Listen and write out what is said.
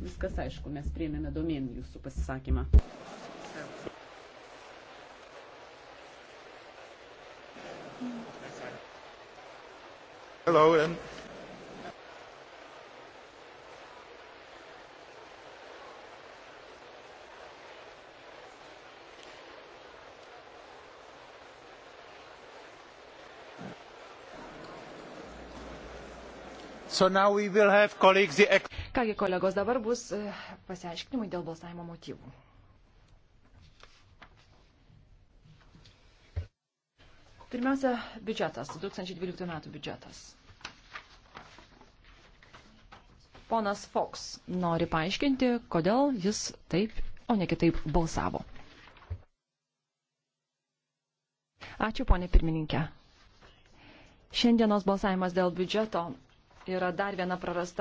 viskas aišku, mes prieimėme domėn jūsų pasisakymą. Hello, and so now we will have colleagues the Kągi, kolegos, dabar bus e, pasiaiškinimai dėl balsavimo motyvų. Pirmiausia, biudžetas, 2012 metų biudžetas. Ponas Fox nori paaiškinti, kodėl jis taip, o ne kitaip balsavo. Ačiū, ponė pirmininkė. Šiandienos balsavimas dėl biudžeto yra dar viena prarasta